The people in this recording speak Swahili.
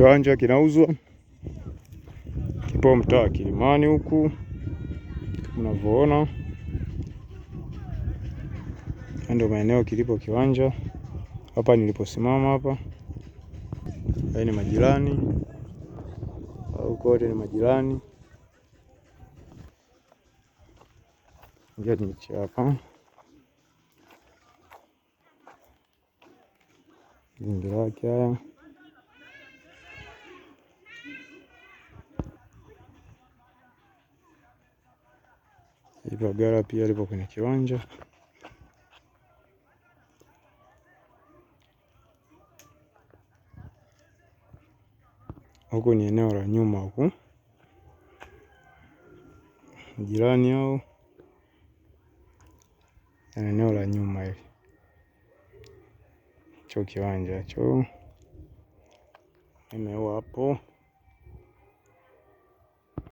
Kiwanja kinauzwa, kipo mtaa Kilimani huku mnavyoona, ndio maeneo kilipo kiwanja. Hapa niliposimama hapa, haya ni majirani au kote ni majirani. Ingia niche hapa, zingira yake haya Hivyo gara pia lipo kwenye kiwanja. Huku ni eneo la nyuma huku, jirani au eneo la nyuma hili cho kiwanja cho imeua hapo.